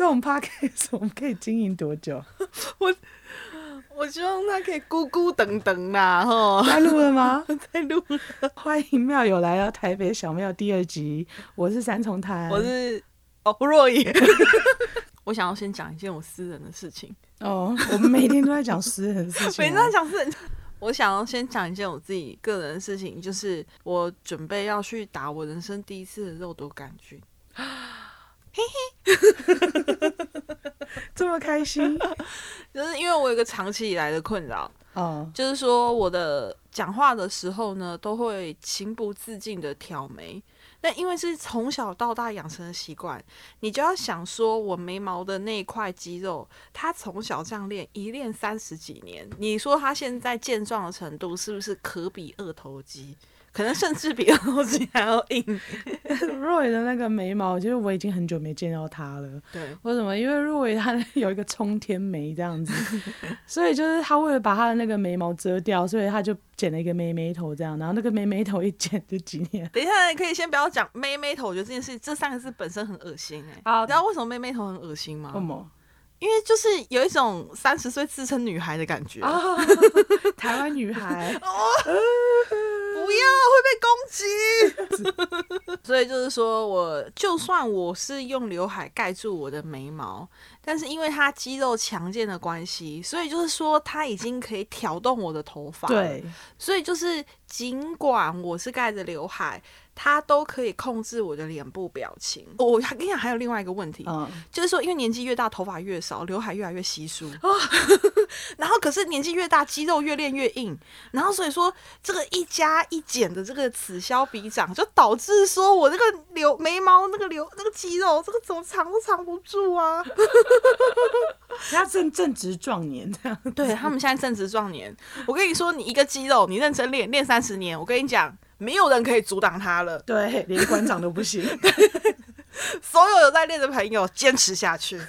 這種趴可以，我們可以經營多久？ 我我希望它可以孤孤等等啦，吼。在錄了嗎？在錄。 歡迎廟友來到台北小廟第二集，我是三重壇，我是不若野。Oh, 我想要先講一件我私人的事情。哦、oh,，我們每天都在講私人的事情、啊， 每天都在講私人的、啊。 我想要先講一件我自己個人的事情，就是我準備要去打我人生第一次的肉毒桿菌。嘿嘿，這麼開心， 就是因為我有一個長期以來的困擾，就是說我的講話的時候呢，都會情不自禁的挑眉。那因為是從小到大養成的習慣，你就要想說，我眉毛的那一塊肌肉，它從小這樣練，一練三十幾年，你說它現在健壯的程度，是不是可比二頭肌？可能甚至比歐子還要硬。Roy 的那個眉毛，就是我已經很久沒見到他了。對，為什麼？因為 Roy 他有一個衝天眉這樣子， 所以就是他為了把他的那個眉毛遮掉，所以他就剪了一個妹妹頭這樣。然後那個妹妹頭一剪就幾年。等一下你可以先不要講妹妹頭，我覺得這件事這三個字本身很噁心哎、欸。你知道為什麼妹妹頭很噁心嗎？為什麼？因為就是有一種三十歲自稱女孩的感覺。啊、 台灣女孩。 哦 不要會被攻擊， 所以就是說我，我就算我是用劉海蓋住我的眉毛，但是因為它肌肉強健的關係，所以就是說，它已經可以挑動我的頭髮。對，所以就是儘管我是蓋着劉海。他都可以控制我的臉部表情。哦、我還跟你講，還有另外一個問題，嗯、就是說，因為年紀越大，頭髮越少，劉海越來越稀疏。哦、 然後，可是年紀越大，肌肉越練越硬。然後，所以說這個一加一減的這個此消彼長，就導致說我這個留眉毛那個留那個肌肉，這個怎麼藏都藏不住啊！人家正正值壯年這、啊、樣。 對，他們現在正值壯年。我跟你說，你一個肌肉，你認真練練三十年，我跟你講。沒有人可以阻擋他了，對，連館長都不行。 所有有在練的朋友，堅持下去。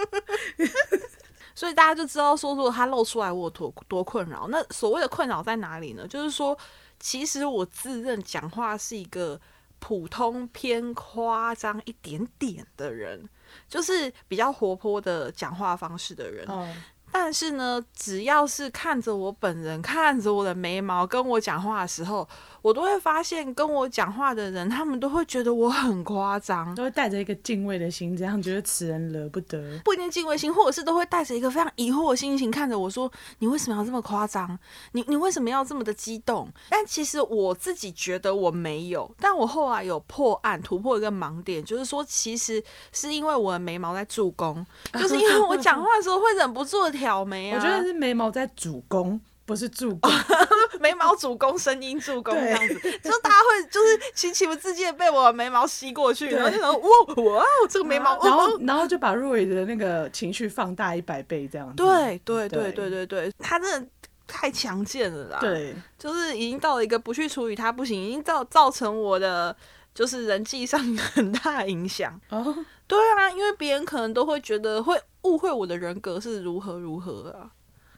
所以大家就知道說，如果他露出來，我多多困擾。那所謂的困擾在哪裡呢？就是說，其實我自認講話是一個普通偏誇張一點點的人，就是比較活潑的講話方式的人。嗯但是呢，只要是看着我本人，看着我的眉毛，跟我講話的時候，我都會發現，跟我講話的人，他們都會覺得我很誇張，都會帶着一個敬畏的心，這樣覺得此人惹不得。不一定敬畏心，或者是都會帶着一個非常疑惑的心情看着我說：“你為什麼要這麼誇張？你你為什麼要這麼的激動？”但其實我自己覺得我沒有。但我後來有破案突破一個盲點，就是說，其實是因為我的眉毛在助攻，就是因為我講話的時候會忍不住。挑眉、啊，我覺得是眉毛在主攻，不是助攻。 眉毛主攻，聲音助攻，這樣子，就大家會就是情不自禁的被我的眉毛吸過去，然後就然後哇哇，這個眉毛，然後然後，然後就把 Roy 的那個情緒放大一百倍這樣子。對對對對對對，對他真的太強健了啦。對，就是已經到了一個不去處理他不行，已經造造成我的就是人際上很大的影響哦。對啊，因為別人可能都會覺得會誤會我的人格是如何如何啊？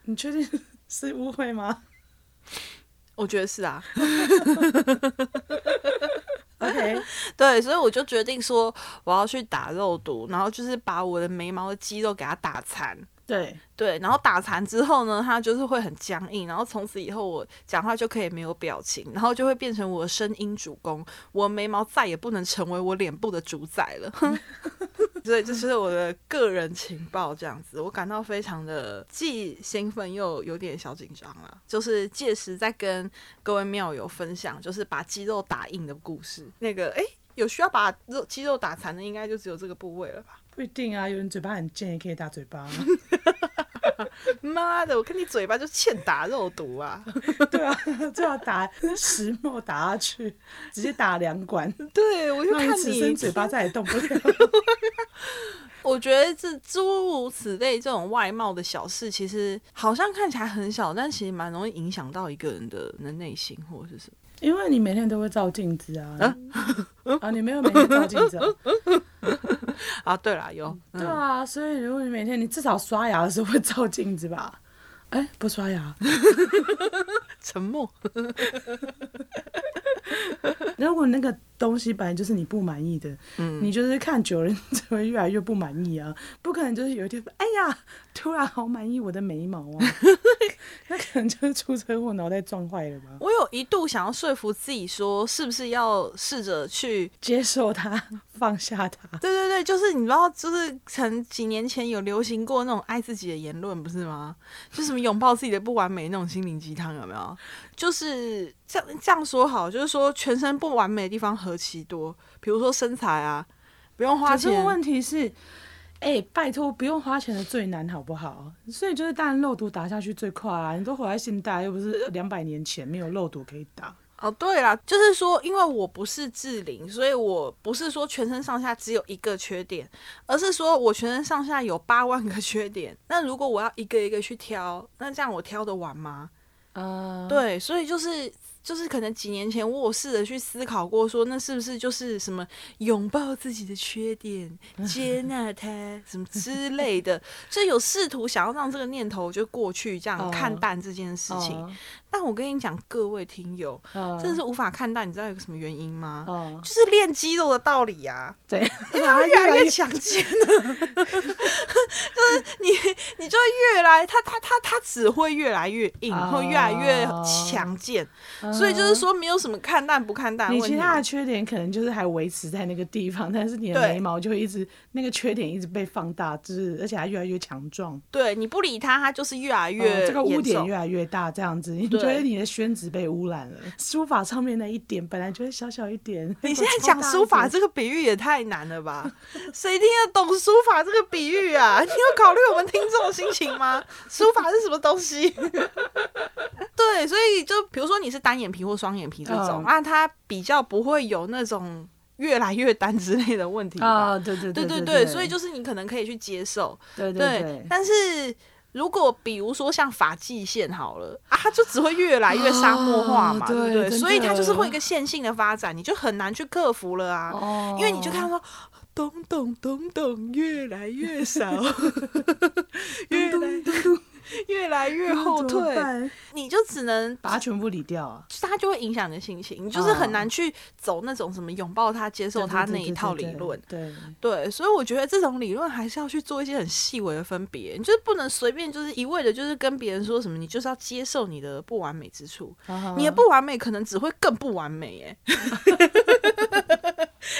你確定是誤會嗎？我覺得是啊。Okay. OK，對，所以我就決定說我要去打肉毒，然後就是把我的眉毛的肌肉給它打殘。對對，然後打殘之後呢，他就是會很僵硬，然後從此以後我講話就可以沒有表情，然後就會變成我的聲音主攻，我眉毛再也不能成為我臉部的主宰了。所以這是我的個人情報，這樣子我感到非常的既興奮又有點小緊張了。 就是屆時再跟各位廟友分享，就是把肌肉打硬的故事。那個哎，有需要把肉肌肉打殘的，應該就只有這個部位了吧？不一定啊，有人嘴巴很賤，也可以打嘴巴。媽 的，我看你嘴巴就欠打肉毒啊！對啊，最好打石墨打下去，直接打兩管。 對我就看你，你只嘴巴再也動不了。 我覺得這諸如此類這種外貌的小事，其實好像看起來很小，但其實蠻容易影響到一個人的那內心或者是什麼。因為你每天都會照鏡子啊，啊, 啊，你沒有每天照鏡子啊， 啊，對啦，有、嗯，對啊，所以如果你每天你至少刷牙的時候會照鏡子吧，哎、欸，不刷牙， 沉默， 如果那個。東西本來就是你不滿意的，嗯，你就是看久了，怎 麼越來越不滿意啊？不可能就是有一天，哎呀，突然好滿意我的眉毛，啊，那 可能就是出車禍腦袋撞壞了吧？我有一度想要說服自己說，是不是要試着去接受它？放下他，對對對，就是你知道，就是曾幾年前有流行過那種愛自己的言論，不是嗎？就什麼擁抱自己的不完美那種心靈雞湯，有沒有？就是這這樣說好，就是說全身不完美的地方何其多，比如說身材啊，不用花錢。就是、問題是，哎、欸，拜託，不用花錢的最難好不好？所以就是當然肉毒打下去最快啊，你都活在現代，又不是兩百年前沒有肉毒可以打。哦，對啦，就是說，因為我不是志玲，所以我不是說全身上下只有一個缺點，而是說我全身上下有八萬個缺點。那如果我要一個一個去挑，那這樣我挑得完嗎？啊、uh...，對，所以就是。就是可能幾年前我試着去思考過，說那是不是就是什麼擁抱自己的缺點，接納它什麼之類的， 就有試圖想要讓這個念頭就過去，這樣看淡這件事情。哦哦、但我跟你講，各位聽友、哦，真的是無法看淡，你知道有個什麼原因嗎？哦、就是練肌肉的道理呀、啊。對，它、 啊、越來越強健了， 越來越 就是你，你就越來，他他他它只會越來越硬，會、哦、越來越強健。哦嗯所以就是說，沒有什麼看淡不看淡的。你其他的缺點可能就是還維持在那個地方，但是你的眉毛就會一直那個缺點一直被放大，就是而且還越來越強壯。對，你不理它，它就是越來越，哦、這個污點越來越大，這樣子。你覺得你的宣紙被污染了？書法上面的一點，本來就是小小一點，你現在講書法這個比喻也太難了吧？誰聽得懂書法這個比喻啊？你有考慮我們聽眾的心情嗎？書法是什麼東西？ 對，所以就比如說你是單眼皮或雙眼皮這種、嗯，啊，它比較不會有那種越來越單之類的問題啊、哦。對對對對對，對對對對，所以就是你可能可以去接受。對對，對，對，對，但是如果比如說像髮際線好了，啊，它就只會越來越沙漠化嘛，哦、對不對，對？所以它就是會有一個線性的發展，你就很難去克服了啊。哦、因為你就看到說，咚咚咚，咚，咚越來越少， 越來越多越來越後退，你就只能把它全部理掉啊！它、就是、就會影響你的心情，你、哦、就是很難去走那種什麼擁抱他、接受他那一套理論。對，對，對，對，對，對，對，對，所以我覺得這種理論還是要去做一些很細微的分別，你就是不能隨便就是一味的，就是跟別人說什麼，你就是要接受你的不完美之處，哦哦，你的不完美可能只會更不完美耶。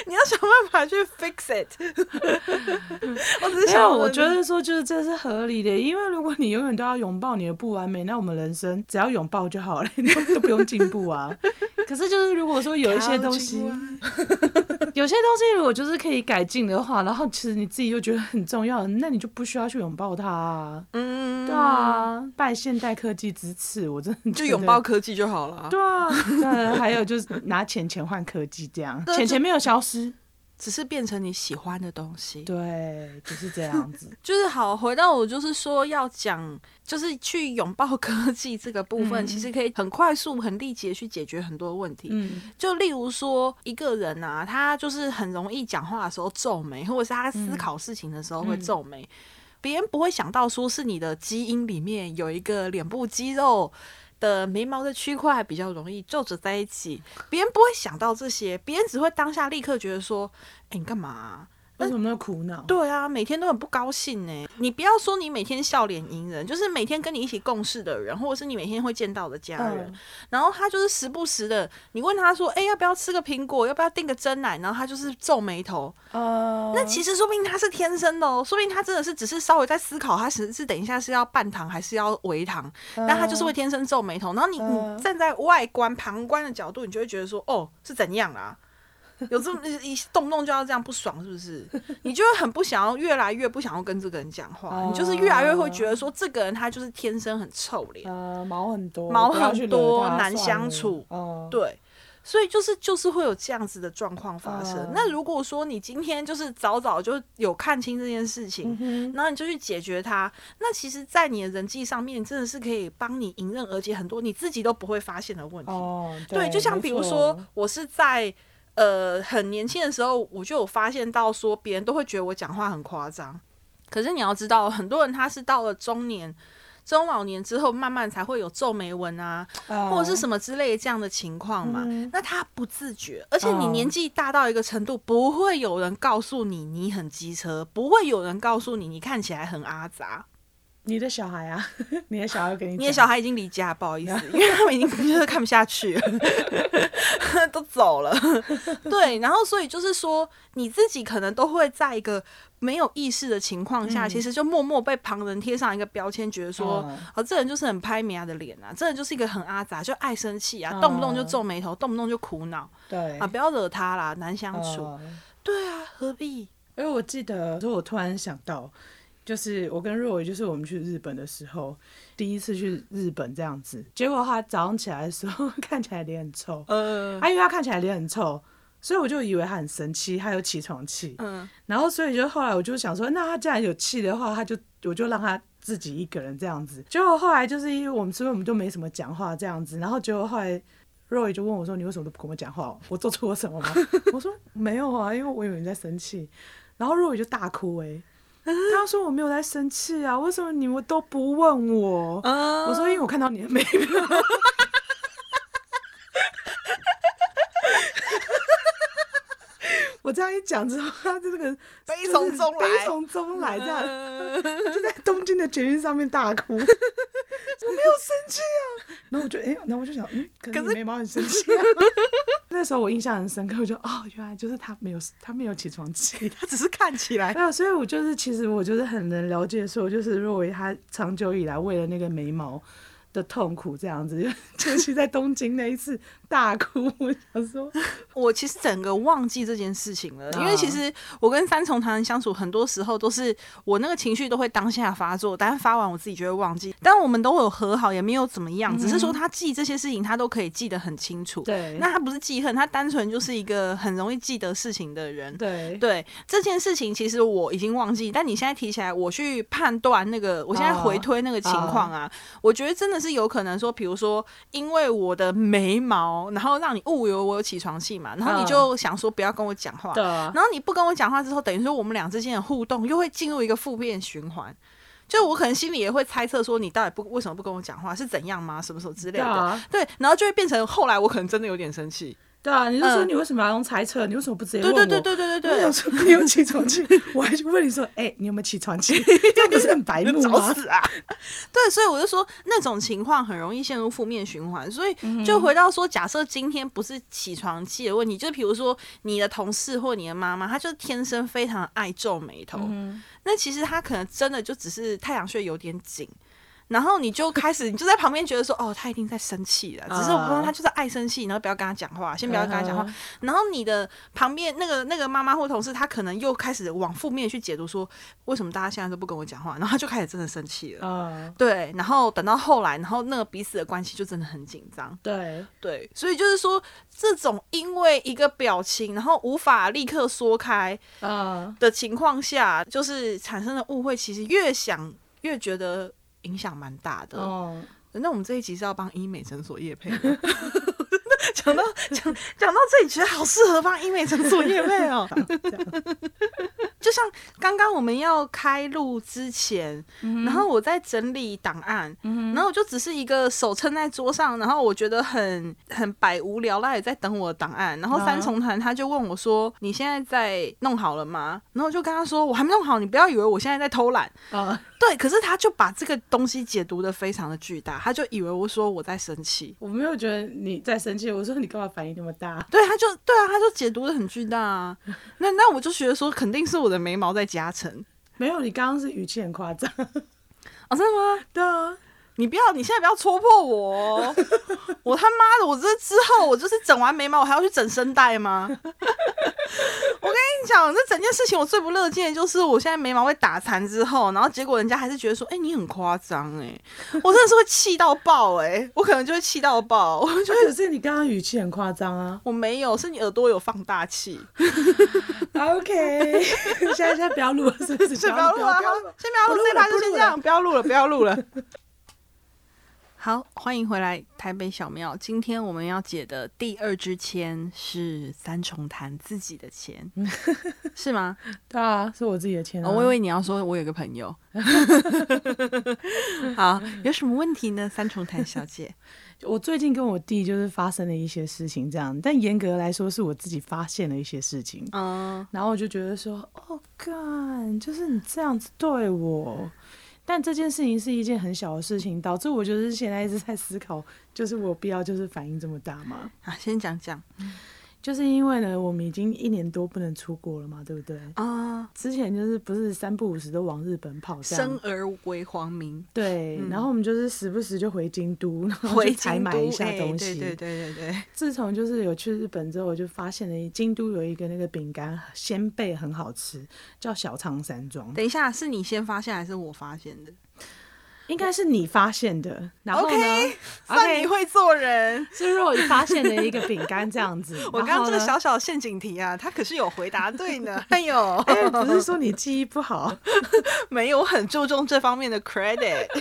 你要想辦法去 fix it。 我只是想，我覺得說就是這是合理的，因為如果你永遠都要擁抱你的不完美，那我們人生只要擁抱就好了，你 都不用進步啊。可是就是，如果說有一些東西，有些東西如果就是可以改進的話，然後其實你自己又覺得很重要，那你就不需要去擁抱它。嗯，對啊，拜現代科技之賜，我真的就擁抱科技就好了。對啊，那還有就是拿錢錢換科技這樣，錢錢沒有消失，只是變成你喜歡的東西，對，就是這樣子。 就是好回到我，就是說要講，就是去擁抱科技這個部分，嗯，其實可以很快速、很立即的去解決很多問題。嗯，就例如說一個人啊，他就是很容易講話的時候皺眉，或者是他思考事情的時候會皺眉。嗯嗯別人不會想到說是你的基因裡面有一個臉部肌肉的眉毛的區塊比較容易皺褶在一起，別人不會想到這些，別人只會當下立刻覺得說：“哎，你幹嘛？”為什麼要苦惱？對啊，每天都很不高興呢、欸。你不要說你每天笑臉迎人，就是每天跟你一起共事的人，或者是你每天會見到的家人，然後他就是時不時的，你問他說：“哎，要不要吃個蘋果？要不要訂個珍奶？”然後他就是皺眉頭。哦。那其實說不定他是天生的哦，說不定他真的是只是稍微在思考，他只是等一下是要半糖還是要微糖，那他就是會天生皺眉頭。然後你你站在外觀旁觀的角度，你就會覺得說：“哦，是怎樣啊？” 有這麼一動不動就要這樣不爽是不是？ 你就會很不想要，越來越不想要跟這個人講話、呃。你就是越來越會覺得說，這個人他就是天生很臭臉、呃，毛很多，毛很多，難相處。對，所以就是就是會有這樣子的狀況發生、呃。那如果說你今天就是早早就有看清這件事情，嗯、然後你就去解決它，那其實，在你的人際上面，真的是可以幫你迎刃而解很多你自己都不會發現的問題。呃、對，對，就像比如說，我是在。呃，很年輕的時候，我就有發現到說，別人都會覺得我講話很誇張。可是你要知道，很多人他是到了中年、中老年之後，慢慢才會有皺眉紋啊，Oh. 或者是什麼之類的這樣的情況嘛。Mm-hmm. 那他不自覺，而且你年紀大到一個程度，不會有人告訴你你很機車，不會有人告訴你你看起來很阿雜。你的小孩啊，你的小孩跟你，你的小孩已經離家，不好意思， 因為他們已經就是 看不下去了， 都走了。對，然後所以就是說，你自己可能都會在一個沒有意識的情況下、嗯，其實就默默被旁人貼上一個標籤，覺得說、嗯、啊，這人就是很拍明啊的臉啊，這人就是一個很阿雜，就愛生氣啊、嗯，動不動就皺眉頭，動不動就苦惱。對啊，不要惹他啦，難相處。嗯、對啊，何必？因為我記得，所以我突然想到。就是我跟 Roy，就是我們去日本的時候，第一次去日本這樣子。結果他早上起來的時候，看起來臉很臭。嗯、呃，他、啊、因為他看起來臉很臭，所以我就以為他很生氣，他有起床氣。嗯、呃，然後所以就後來我就想說，那他既然有氣的話，他就我就讓他自己一個人這樣子。結果後來就是因為我們吃飯，我們就沒什麼講話這樣子。然後結果後來 Roy 就問我說：“你為什麼都不跟我講話？我做錯了什麼嗎？” 我說：“沒有啊，因為我以為你在生氣。”然後 Roy 就大哭哎、欸。他說我沒有在生氣啊，為什麼你們都不問我？Oh. 我說因為我看到你的眉毛。 我這樣一講之後，他就這個、就是、悲從中悲從中來，悲從中來這樣、uh. 就在東京的捷運上面大哭。 我沒有生氣啊，然後我就哎、欸，然後我就想，嗯，可是你眉毛很生氣啊。 那時候我印象很深刻，我就哦，原來就是他沒有他沒有起床氣， 他只是看起來。 沒有。所以我就是其實我就是很能了解說，就是若薇她長久以來為了那個眉毛。的痛苦這樣子，尤其是在東京那一次大哭。我想說， 我其實整個忘記這件事情了，因為其實我跟三重壇相處，很多時候都是我那個情緒都會當下發作，但發完我自己就會忘記。但我們都有和好，也沒有怎麼樣，只是說他記這些事情，他都可以記得很清楚。對，那他不是記恨，他單純就是一個很容易記得事情的人。對，對，這件事情其實我已經忘記，但你現在提起來，我去判斷那個，我現在回推那個情況啊，我覺得真的是。是有可能說，比如說，因為我的眉毛，然後讓你誤以為我有起床氣嘛，然後你就想說不要跟我講話、嗯，然後你不跟我講話之後，等於說我們倆之間的互動又會進入一個負面循環，就是我可能心裡也會猜測說，你到底不為什麼不跟我講話是怎樣嗎？什麼時候之類的、嗯，對，然後就會變成後來我可能真的有點生氣。對啊，你就說你為什麼要用猜測、嗯？你為什麼不直接問我？對對,對,對,對,對,對對我想說你有起床氣， 我還去問你說，哎、欸，你有沒有起床氣？是 不是很白目你找死啊？ 對，所以我就說那種情況很容易陷入負面循環。所以就回到說，假設今天不是起床氣的問題，mm -hmm. 就比如說你的同事或你的媽媽，她就是天生非常愛皺眉頭，mm -hmm. 那其實她可能真的就只是太陽穴有點緊。 然後你就開始，你就在旁邊覺得說，哦，他一定在生氣了。只是我不知道他就是愛生氣，然後不要跟他講話，先不要跟他講話。Uh -huh. 然後你的旁邊那個那個媽媽或同事，他可能又開始往負面去解讀，說為什麼大家現在都不跟我講話。然後他就開始真的生氣了。嗯、uh -huh.，對。然後等到後來，然後那個彼此的關係就真的很緊張。對、uh -huh. 對，所以就是說，這種因為一個表情，然後無法立刻說開，嗯的情況下，uh -huh. 就是產生的誤會，其實越想越覺得。影響蠻大的哦、oh. 嗯。那我們這一集是要幫醫美診所業配的。講 到講講到這裡，覺得好適合幫醫美診所業配哦、喔。 就像剛剛我們要開錄之前，mm -hmm. 然後我在整理檔案，mm -hmm. 然後我就只是一個手撐在桌上，然後我覺得很很百無聊賴，也在等我的檔案。然後三重壇他就問我說：“ uh. 你現在在弄好了嗎？”然後我就跟他說：“我還沒弄好，你不要以為我現在在偷懶啊。Uh. ”對，可是他就把這個東西解讀得非常的巨大，他就以為我說我在生氣，我沒有覺得你在生氣，我說你幹嘛反應那麼大？對，他就對啊，他就解讀得很巨大啊。 那那我就覺得說，肯定是我的眉毛在加成。沒有，你剛剛是語氣很誇張，哦，真的嗎？ 對啊。你不要，你現在不要戳破我，哦， 我他媽的，我這之後我就是整完眉毛，我還要去整聲帶嗎？ 我跟你講，這整件事情我最不樂見的就是，我現在眉毛被打殘之後，然後結果人家還是覺得說，哎、欸，你很誇張，哎，我真的是會氣到爆，欸，哎，我可能就會氣到爆。就 是你剛剛語氣很誇張啊，我沒有，是你耳朵有放大器。 OK， 現在，現在不不 先不要錄了，是不是？不要錄了，了，先不要錄這一趴，就先這樣，不要錄了，不要錄了。 好，歡迎回來台北小廟。今天我們要解的第二支籤是三重壇自己的籤， 是嗎？對啊，是我自己的籤、啊。我以為你要說我有個朋友。 好，有什麼問題呢，三重壇小姐？ 我最近跟我弟就是發生了一些事情，這樣，但嚴格來說是我自己發現了一些事情，嗯、uh,，然後我就覺得說哦，幹、oh、就是你這樣子對我。但這件事情是一件很小的事情，導致我就是現在一直在思考，就是我必要就是反應這麼大嗎？好，先講講。就是因為呢，我們已經一年多不能出國了嘛，對不對？啊、uh，之前就是不是三不五時都往日本跑，生而為皇民。對、嗯，然後我們就是時不時就回京都，然後去買一下東西。對、欸、對對對對。自從就是有去日本之後，我就發現了京都有一個那個餅乾仙貝很好吃，叫小倉山莊。等一下，是你先發現還是我發現的？應該是你發現的，然後呢 okay, okay, 算你會做人。是若隱發現的一個餅乾這樣子。 我剛剛這個小小的陷阱題啊，他可是有回答對呢。 哎呦 哎呦，不是說你記憶不好， 沒有很注重這方面的 credit。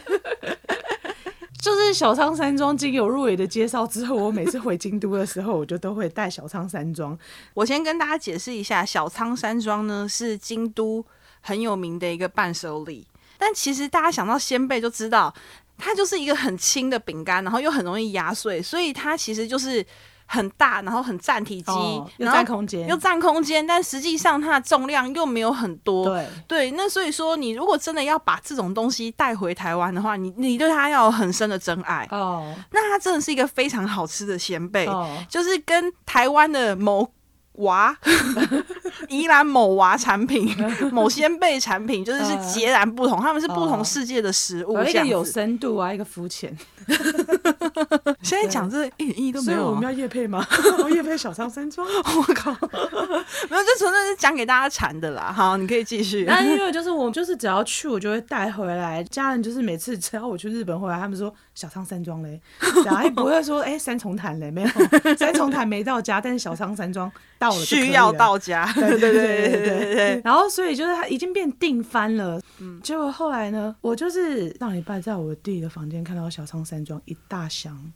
就是小倉山莊經由若隱的介紹之後，我每次回京都的時候，我就都會帶小倉山莊。我先跟大家解釋一下，小倉山莊呢是京都很有名的一個伴手禮。但其實大家想到仙貝就知道，它就是一個很輕的餅乾，然後又很容易壓碎，所以它其實就是很大，然後很佔體積、哦，又佔空間，又佔空間。但實際上它的重量又沒有很多，對對。那所以說，你如果真的要把這種東西帶回台灣的話，你你對它要有很深的真愛哦。那它真的是一個非常好吃的仙貝、哦，就是跟台灣的某娃。 宜蘭某娃產品，某仙貝產品，就是是截然不同，他們是不同世界的食物。呃呃、而一個有深度啊，一個膚淺。 現在講這一點意義都沒有，啊。所以我們要業配嗎？業 配小倉山莊？我 靠，oh my God！ 沒有，這純粹是講給大家饞的啦。好，你可以繼續。那因為就是我就是只要去，我就會帶回來。家人就是每次只要我去日本回來，他們說小倉山莊嘞， 也不會說哎，欸、三重壇嘞，沒有三重壇沒到家，但是小倉山莊。到需要到家，對對對對對對。 然後，所以就是他已經變定番了。嗯，結果後來呢，我就是上禮拜在我弟的房間看到小倉山莊一大箱。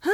哼，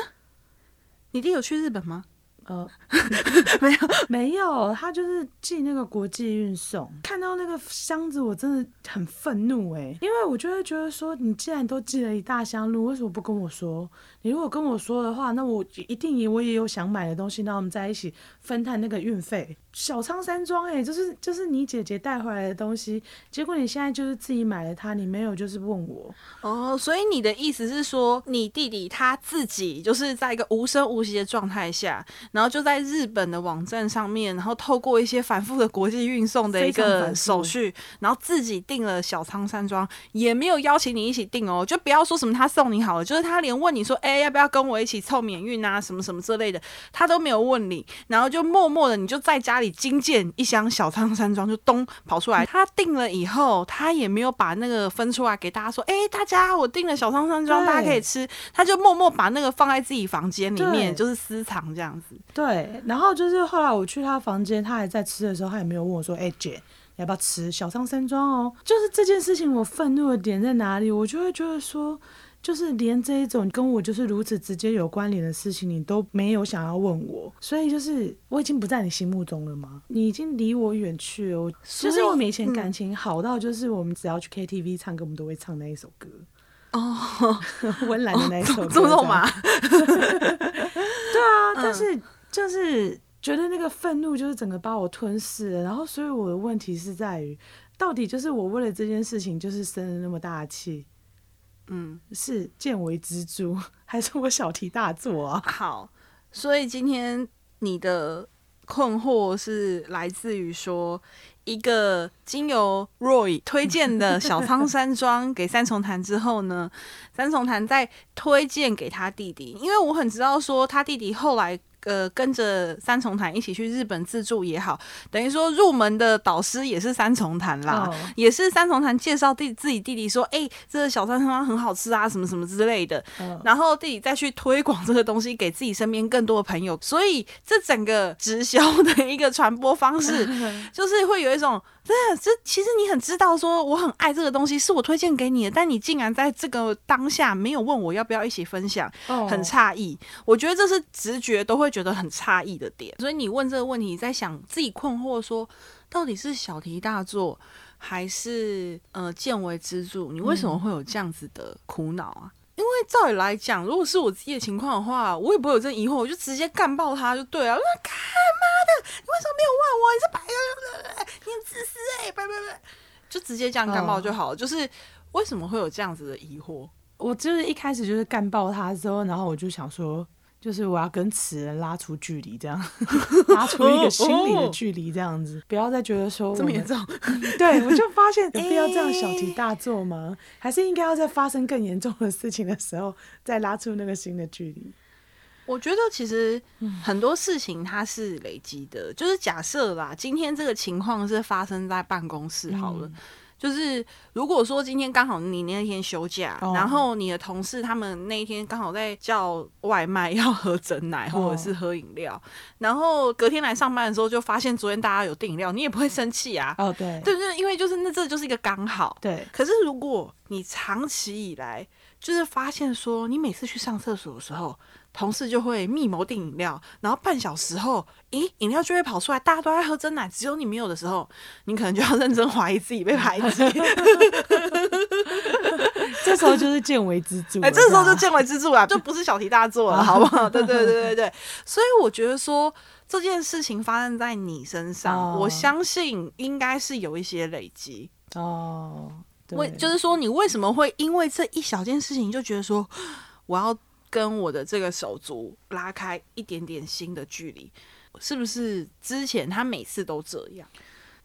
你弟有去日本嗎？呃、哦， 沒有 沒有，他就是寄那個國際運送，看到那個箱子，我真的很憤怒哎，因為我就會覺得說，你既然都寄了一大箱路，為什麼不跟我說？你如果跟我說的話，那我一定也，我也有想買的東西，那我們在一起分攤那個運費。小倉山莊哎，就是就是你姐姐帶回來的東西，結果你現在就是自己買了它，你沒有就是問我哦，所以你的意思是說，你弟弟他自己就是在一個無聲無息的狀態下。然後就在日本的網站上面，然後透過一些反覆的國際運送的一個手續，然後自己訂了小倉山莊，也沒有邀請你一起訂哦，就不要說什麼他送你好了，就是他連問你說，哎，要不要跟我一起湊免運啊，什麼什麼之類的，他都沒有問你，然後就默默的，你就在家裡驚見一箱小倉山莊，就咚跑出來。他訂了以後，他也沒有把那個分出來給大家說，哎，大家我訂了小倉山莊，大家可以吃，他就默默把那個放在自己房間裡面，就是私藏這樣子。對，然後就是後來我去他房間，他還在吃的時候，他也沒有問我說：“哎、欸，姐，你要不要吃小倉山莊哦？”就是這件事情，我憤怒的點在哪裡？我就會覺得說，就是連這一種跟我就是如此直接有關聯的事情，你都沒有想要問我，所以就是我已經不在你心目中了嗎？你已經離我遠去了。我就是我們以前感情好到，就是我們只要去 KTV 唱歌，我們都會唱那一首歌。Oh, oh, 哦，溫嵐的那一首《豬肉嘛》，對啊、嗯，但是就是覺得那個憤怒就是整個把我吞噬了，然後所以我的問題是在於，到底就是我為了這件事情就是生了那麼大氣，嗯，是見微知著，還是我小題大做啊？好，所以今天你的困惑是來自於說。一個經由 Roy 推薦的小倉山莊給三重壇之後呢，三重壇再推薦給他弟弟，因為我很知道說他弟弟後來。呃，跟着三重壇一起去日本自助也好，等於說入門的導師也是三重壇啦，oh. 也是三重壇介紹弟自己弟弟說，哎、欸，這個小倉山莊很好吃啊，什麼什麼之類的，oh. 然後弟弟再去推廣這個東西給自己身邊更多的朋友，所以這整個直銷的一個傳播方式，就是會有一種。對，這其實你很知道說我很愛這個東西，是我推薦給你的，但你竟然在這個當下沒有問我要不要一起分享，Oh. 很詫異。我覺得這是直覺都會覺得很詫異的點，所以你問這個問題，你在想自己困惑說到底是小題大做還是呃見微知著？你為什麼會有這樣子的苦惱啊？嗯因為照理來講，如果是我自己的情況的話，我也不會有這疑惑，我就直接幹爆他就對了，啊。我說幹媽的，你為什麼沒有問我？你是白的，你很自私哎，欸！拜拜拜，就直接這樣幹爆就好了。Oh. 就是為什麼會有這樣子的疑惑？我就是一開始就是幹爆他之後，然後我就想說。就是我要跟此人拉出距離，這樣 拉出一個心理的距離，這樣子，哦哦，不要再覺得說這麼嚴重。 對，我就發現有必要這樣小題大做嗎？欸、還是應該要在發生更嚴重的事情的時候再拉出那個新的距離？我覺得其實很多事情它是累積的，就是假設啦，今天這個情況是發生在辦公室好了。嗯就是如果說今天剛好你那天休假，哦、然後你的同事他們那一天剛好在叫外賣要喝珍奶或者是喝飲料，哦、然後隔天來上班的時候就發現昨天大家有訂飲料，你也不會生氣啊。哦，對，對對，因為就是那這就是一個剛好。對，可是如果你長期以來就是發現說你每次去上廁所的時候。同事就會密謀訂飲料，然後半小時後，咦，飲料就會跑出來，大家都愛喝珍奶，只有你沒有的時候，你可能就要認真懷疑自己被排擠。 這時候就是見微知著，哎、欸，這時候就見微知著啊， 就不是小題大做了，好不好？ 對，對對對對對，所以我覺得說，這件事情發生在你身上，哦、我相信應該是有一些累積哦。為就是說，你為什麼會因為這一小件事情就覺得說我要？跟我的這個手足拉開一點點新的距離，是不是之前他每次都這樣？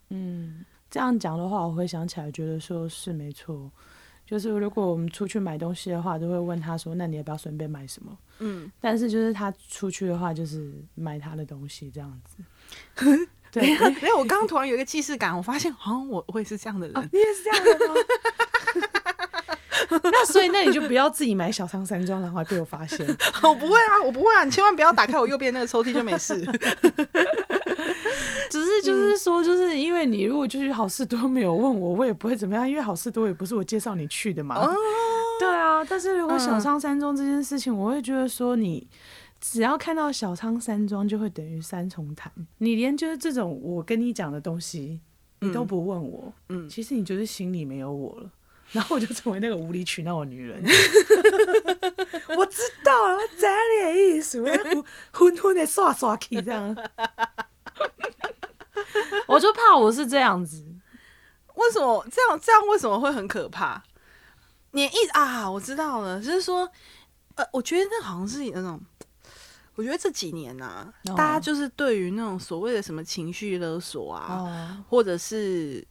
嗯，這樣講的話，我會想起來，覺得說是沒錯。就是如果我們出去買東西的話，就會問他說：“那你要不要順便買什麼？”嗯，但是就是他出去的話，就是買他的東西這樣子。 對，哎，我剛突然有一個既視感， 我發現好像、哦、我會是這樣的人、哦，你也是這樣的人嗎？ 那所以，那你就不要自己買小倉山莊，然後還被我發現。我、 哦、不會啊，我不會啊，你千萬不要打開我右邊那個抽屜，就沒事。 只是就是說，就是因爲你如果就是好事多沒有問我，我也不會怎麼樣，因爲好事多也不是我介紹你去的嘛、哦。對啊，但是如果小倉山莊這件事情、嗯，我會覺得說，你只要看到小倉山莊，就會等於三重壇。你連就是這種我跟你講的東西，你都不問我，嗯，其實你就是心裡沒有我了。然後我就成為那個無理取鬧的女人， 我知道了，知道你的意思，昏 昏的刷刷去這樣， 我就怕我是這樣子，為什麼這樣這樣為什麼會很可怕？你一啊，我知道了，就是說，呃，我覺得那好像是你那種，我覺得這幾年吶、啊，oh. 大家就是對於那種所謂的什麼情緒勒索啊，oh. 或者是。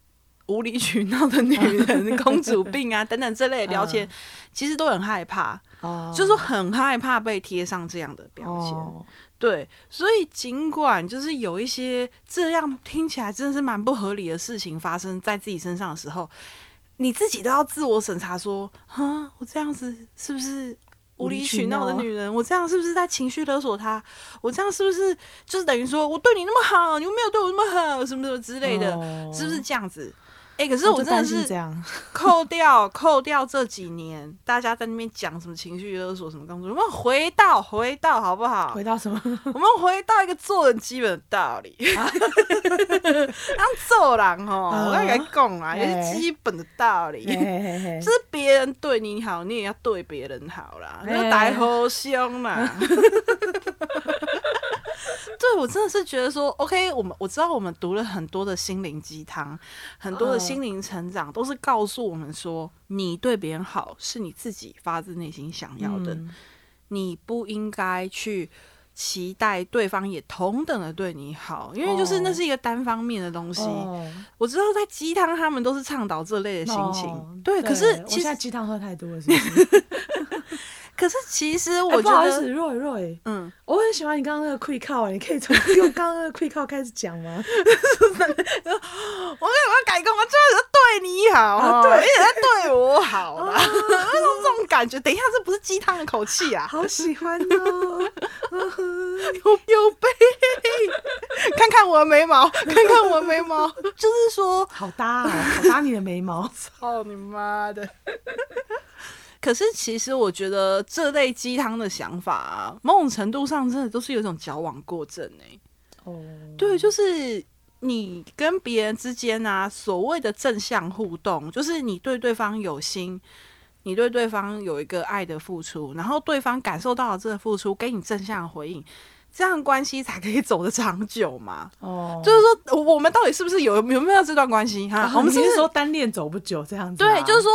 無理取鬧的女人、公主病啊 等等這類的聊天，uh, 其實都很害怕，uh, 就是很害怕被貼上這樣的標籤。Uh, 對，所以儘管就是有一些這樣聽起來真的是蠻不合理的事情發生在自己身上的時候，你自己都要自我審查說：，啊、嗯，我這樣子是不是無理取鬧的女人？我這樣是不是在情緒勒索他？我這樣是不是就是等於說我對你那麼好，你沒有對我那麼好，什麼什麼之類的？Uh, 是不是這樣子？哎、欸，可是我真的是這樣，扣掉扣掉這幾年，大家在那邊講什麼情緒勒索什麼工作，我們回到回到好不好？回到什麼？我們回到一個做人基本的道理。讓、啊、 做人哦、嗯，我跟你講啊，也是基本的道理，嘿嘿嘿，就是別人對你好，你也要對別人好啦，大好凶嘛。就是 對，我真的是覺得說，OK，我我知道我們讀了很多的心靈雞湯，很多的心靈成長、oh, 都是告訴我們說，你對別人好是你自己發自內心想要的，嗯、你不應該去期待對方也同等的對你好，因為就是那是一個單方面的東西。Oh, 我知道在雞湯，他們都是倡導這類的心情，oh, 對,對。可是其實，我現在雞湯喝太多了是不是？ 可是其實我覺得，欸、不好意思，Roy Roy，嗯，我很喜歡你剛剛那個 Quick Call，啊、欸。你可以從用剛剛那個 Quick Call 開始講嗎？ 我我要改個，我就是對你好，喔啊，對，一直在對我好啦，那，啊、種 這種感覺。等一下，這不是雞湯的口氣啊！ 好喜歡哦，喔，有有背，看看我的眉毛，看看我的眉毛，就是說，好搭，喔，好搭你的眉毛，操 你媽媽的！ 可是，其實我覺得這類雞湯的想法、啊，某種程度上真的都是有一種矯枉過正誒、欸，哦、oh.，對，就是你跟別人之間啊，所謂的正向互動，就是你對對方有心，你對對方有一個愛的付出，然後對方感受到了這個付出，給你正向的回應。這樣關係才可以走得長久嘛。哦、oh.，就是說我，我們到底是不是有有沒有這段關係哈？Uh, 我們只是、呃、是說單戀走不久這樣子、啊。對，就是說，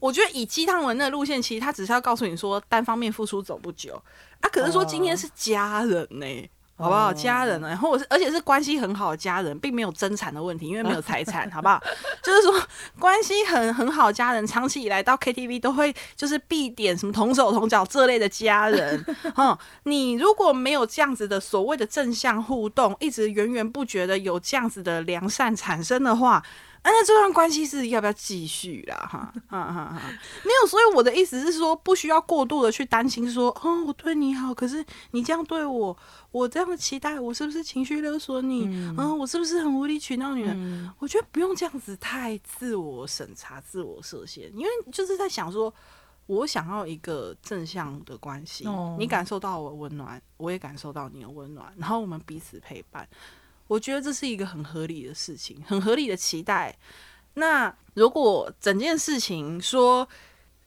我覺得以雞湯文的路線，其實他只是要告訴你說，單方面付出走不久。啊可是說今天是家人呢、欸。Oh. 好不好？家人呢、欸？然後，我是而且是關係很好的家人，並沒有爭產的問題，因為沒有財產， 好不好？就是說，關係很很好，家人長期以來到 KTV 都會就是必點什麼同手同腳這類的家人。 嗯，你如果沒有這樣子的所謂的正向互動，一直源源不絕的有這樣子的良善產生的話。哎、啊，那這段關係是要不要繼續啦？哈， 哈哈哈，沒有。所以我的意思是說，不需要過度的去擔心，說，哦，我對你好，可是你這樣對我，我這樣的期待，我是不是情緒勒索你？嗯、啊，我是不是很無理取鬧？女、嗯、人，我覺得不用這樣子太自我審查、自我設限，因為就是在想說，我想要一個正向的關係、哦，你感受到我的溫暖，我也感受到你的溫暖，然後我們彼此陪伴。我覺得這是一個很合理的事情，很合理的期待。那如果整件事情說，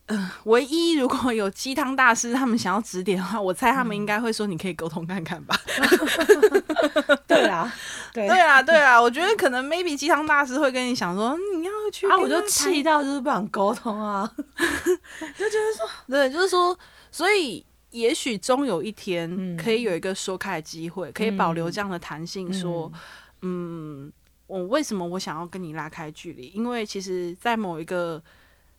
嗯、呃，唯一如果有雞湯大師他們想要指點的話，我猜他們應該會說，你可以溝通看看吧。嗯、 對啊，對啊，對啊。我覺得可能 maybe 雞湯大師會跟你想說、嗯、你要去啊我就氣到就是不想溝通啊， 就覺得說對，就是說所以。也許終有一天可以有一個說開的機會，嗯，可以保留這樣的彈性說。說、嗯嗯，嗯，我為什麼我想要跟你拉開距離？因為其實，在某一個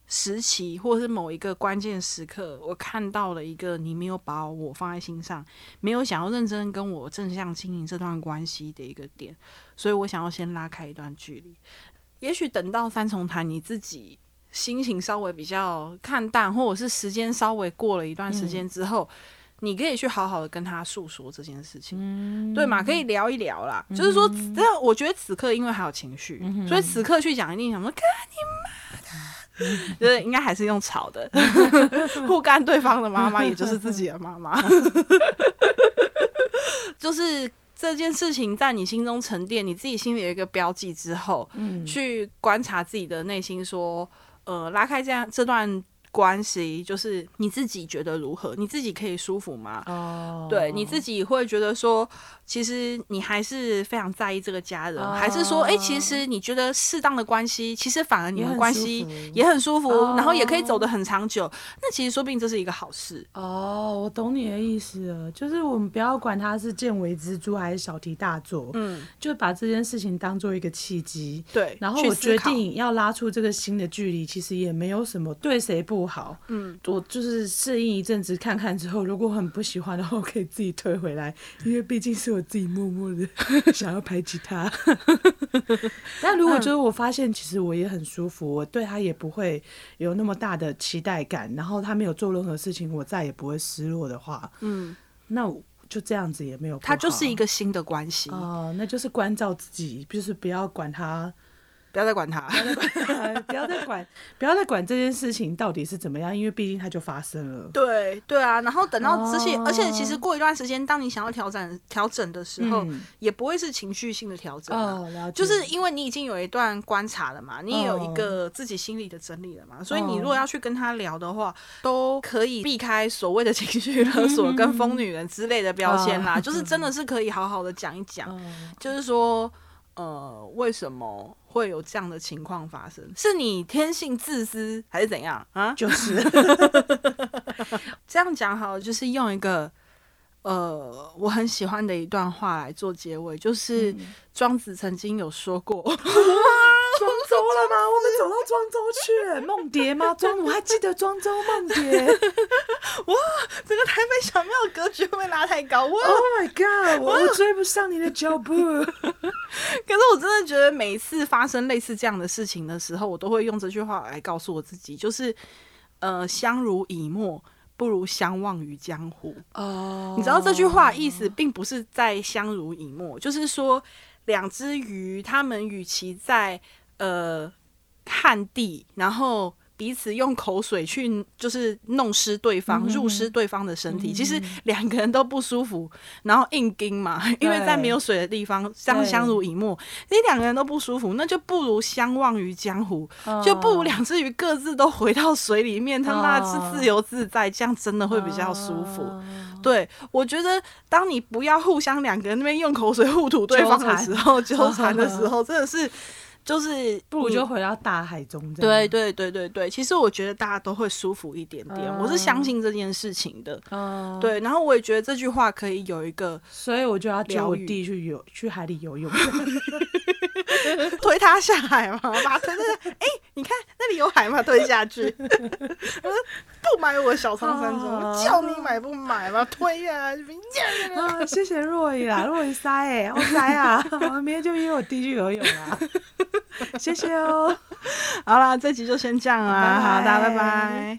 時期，或是某一個關鍵時刻，我看到了一個你沒有把我放在心上，沒有想要認真跟我正向經營這段關係的一個點，所以我想要先拉開一段距離。也許等到三重壇，你自己。心情稍微比較看淡，或者是時間稍微過了一段時間之後、嗯，你可以去好好的跟他訴說這件事情、嗯，對嘛？可以聊一聊啦。嗯、就是說，只要我覺得此刻因為還有情緒、嗯嗯，所以此刻去講一定什麼，幹你媽的嗯嗯！就是應該還是用吵的，互、嗯、幹 對方的媽媽，也就是自己的媽媽。嗯、 就是這件事情在你心中沉澱，你自己心裡有一個標記之後，嗯、去觀察自己的內心說。呃，拉開這樣這段。關係就是你自己覺得如何？你自己可以舒服嗎？哦、oh.，對，你自己會覺得說，其實你還是非常在意這個家人，oh. 還是說，哎、欸，其實你覺得適當的關係，其實反而你們關係也很舒服，舒服 oh. 然後也可以走得很長久。Oh. 那其實說不定這是一個好事。哦、oh,，我懂你的意思了，就是我們不要管他是見微知著還是小題大做，嗯，就把這件事情當做一個契機。對，然後我決定要拉出這個新的距離，其實也沒有什麼對誰不。不好，嗯，我就是適應一陣子看看之後，如果很不喜歡的話，我可以自己退回來，因為畢竟是我自己默默的 想要排擠他。 但如果就是我發現，其實我也很舒服，我對他也不會有那麼大的期待感，然後他沒有做任何事情，我再也不會失落的話，嗯，那我就這樣子也沒有，他就是一個新的關係哦、呃，那就是關照自己，就是不要管他。不要再管他 不要再管，不要再管，不要再管這件事情到底是怎麼樣，因為畢竟它就發生了。 對對啊，然後等到這些，哦、而且其實過一段時間，當你想要調整調整的時候、嗯，也不會是情緒性的調整、哦。了解。就是因為你已經有一段觀察了嘛，你也有一個自己心理的整理了嘛、哦，所以你如果要去跟他聊的話，哦、都可以避開所謂的情緒勒索、跟瘋女人之類的標籤啦嗯嗯。就是真的是可以好好的講一講、哦，就是說。呃，為什麼會有這樣的情況發生？是你天性自私還是怎樣啊？就是 這樣講好，就是用一個呃我很喜歡的一段話來做結尾，就是莊、嗯、子曾經有說過。 莊周了嗎？我們走到莊周去，夢蝶嗎？莊我還記得莊周夢蝶， 哇！整個台北小廟格局會被拉太高哇，Oh my god！我，哇我追不上你的腳步。 可是我真的覺得每次發生類似這樣的事情的時候，我都會用這句話來告訴我自己，就是呃，相濡以沫不如相忘於江湖。哦、oh.，你知道這句話意思並不是在相濡以沫，oh. 就是說，兩隻魚，它們與其在呃，旱地，然後彼此用口水去，就是弄濕對方，嗯、濡濕對方的身體。嗯、其實兩個人都不舒服，然後硬拼嘛。因為在沒有水的地方，相相濡以沫，你兩個人都不舒服，那就不如相忘於江湖、哦，就不如兩隻魚各自都回到水裡面，他那是自由自在、哦，這樣真的會比較舒服。哦、對我覺得，當你不要互相兩個人那邊用口水互吐對方的時候，糾纏的時候，真的是。就是不如，不如就回到大海中這樣。對對對對對，其實我覺得大家都會舒服一點點。嗯，我是相信這件事情的，嗯，對。然後我也覺得這句話可以有一個，所以我就要教我弟去游去海裡游泳。 推他下海嘛、嘛，把他推下去。哎、欸，你看那裡有海嗎？推下去，我 說不買我小倉山莊，叫你買不買嘛。推呀、啊啊嗯嗯嗯！謝謝若依、 欸 OK、啊，若依塞哎，我塞啊，我們明天就約我弟去游泳啊， 謝謝哦。好啦，這集就先這樣啦，好的，拜拜。